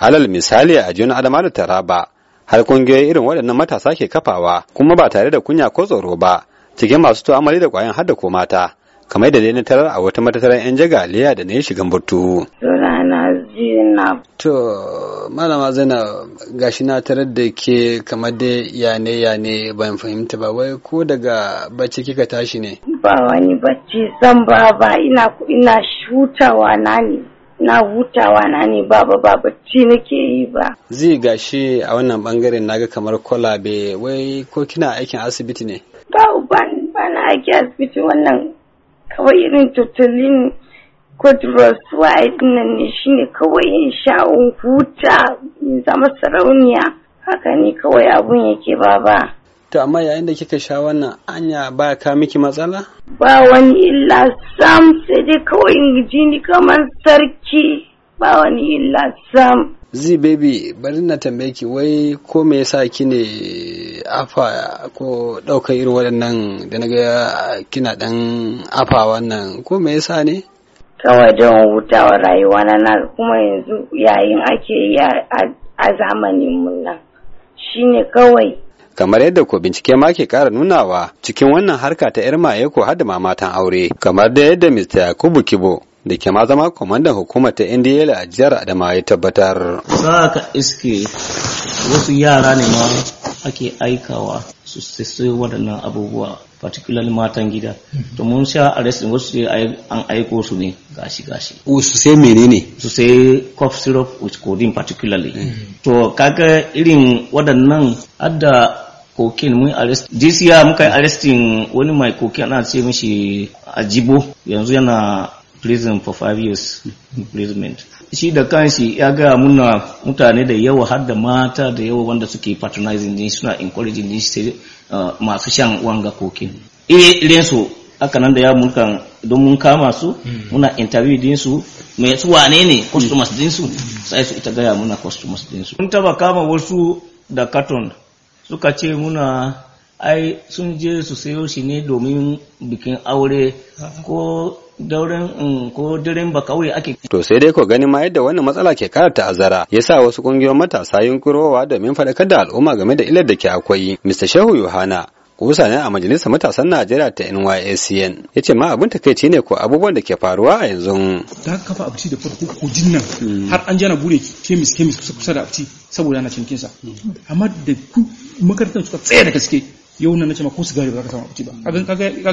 Halal misali a jiyun Adama da Taraba har kungiyoyi irin waɗannan matasa ke kafawa kuma ba tare da kunya ko tsoro ba cikin masu tu'amali da ƙwayan hada ko mata kamar da dai na tarar a wata matatar 'yan jagaliya da na yi shigan burtu. To, malama zana gashi na tarar da ke kamar da yane yane ban fahimta ba wai ko daga bacci kika tashi ne? Ba wani bacci zan ba ba ina ina shutawa na ne. na hutawa na ne babu ba nake yi ba. Zai gashi a wannan bangaren naga kamar kwalabe wai ko kina aikin asibiti ne? Ba ba na aiki asibiti wannan kawai irin tutulin kwadros wa nan ne shine kawai in sha'un huta zama sarauniya haka ne kawai abun yake baba. To amma yayin da kika sha wannan anya ba ka miki matsala? Ba wani illa sam sai dai kawai in jini kamar sarki ba wani illa sam. Zi baby bari na tambaye ki wai ko me yasa ki ne afa ko ɗaukar irin waɗannan da na ga kina ɗan afa wannan ko me yasa ne? Kawai don hutawa rayuwa na kuma yanzu yayin ake yi a zamanin mu nan shine kawai. kamar yadda ko bincike ma ke kara nunawa cikin wannan harka ta yar maye ko hada matan aure kamar da yadda Mr. Yakubu Kibo da ke ma zama kwamandan hukumar ta NDL a jihar Adama ya tabbatar. Za iske wasu yara ne ma ake aikawa su sai waɗannan abubuwa particularly matan gida to mun sha arrest wasu sai an aiko su ne gashi gashi Wasu sai menene su sai cough syrup with codeine particularly to kaga irin waɗannan adda cocaine mun arrest this year muka kai arresting wani mai cocaine ana ce mishi ajibo yanzu yana prison for five years imprisonment shi da kanshi ya gaya muna mutane da yawa har da mata da yawa wanda suke patronizing din suna encouraging din shi uh, masu shan wanga kokin eh, irin rinsu haka nan da ya mulkan don mun kama su hmm. muna interview din su mai su wane ne hmm. customers din su sai su ita gaya muna customers din su mun taba kama wasu da carton suka ce muna ai sun je su sayo shi ne domin bikin aure ah. ko daurin mm, ko dirin ba kauye ake. To sai dai ko ganin ma yadda wannan matsala ke kara ta'azzara ya sa wasu kungiyoyin matasa yunkurowa domin faɗakar da al'umma game da illar da ke akwai. Mr. Shehu Yohana kusa ne a majalisar matasan Najeriya ta NYSCN ya ce ma abin takaici ne ko abubuwan da ke faruwa a yanzu. Da ka kafa abinci da farko ko nan har an jana bude kemis kemis kusa da abinci saboda ana cinikinsa. Mm. Amma da ku makarantar suka tsaya da gaske yau na nace ma ko sigari ba a ka samu abuci ba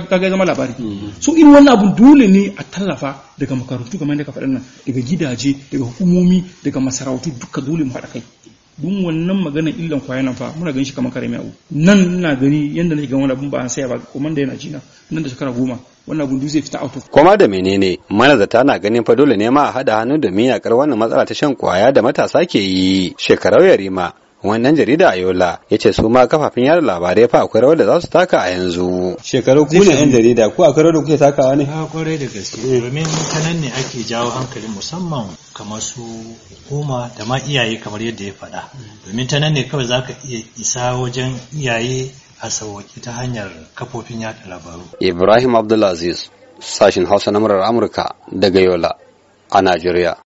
kaga zama labari mm-hmm. so in wannan abun dole ne a tallafa daga makarantu kamar yadda ka faɗin nan daga gidaje daga hukumomi daga masarautu duka dole mu haɗa kai dun wannan magana illan kwaya nan fa muna ganin shi kamar kare abu nan ina gani yanda nake ganin wannan abun ba an saya ba kuma da yana jina nan da shekara goma wannan abun zai fita out of kuma da menene manazata na ganin fa dole ne ma a haɗa hannu da miyakar wannan matsala ta shan kwaya da matasa ke yi shekarau yarima wannan jarida Ayola ya ce su ma kafafin yada labarai fa akwai rawar da za su taka a yanzu. Shekaru ku ne yan jarida ko akwai rawar da kuke takawa ne? Ha kwarai da gaske eh, domin ta nan ne ake jawo hankali musamman kamar su hukuma da ma iyaye kamar yadda ya faɗa. Domin ta nan ne kawai za ka iya isa wajen iyaye a sauwaƙi ta hanyar kafofin yada labaru. Ibrahim Abdulaziz, sashin Hausa na murar Amurka daga Yola a Najeriya.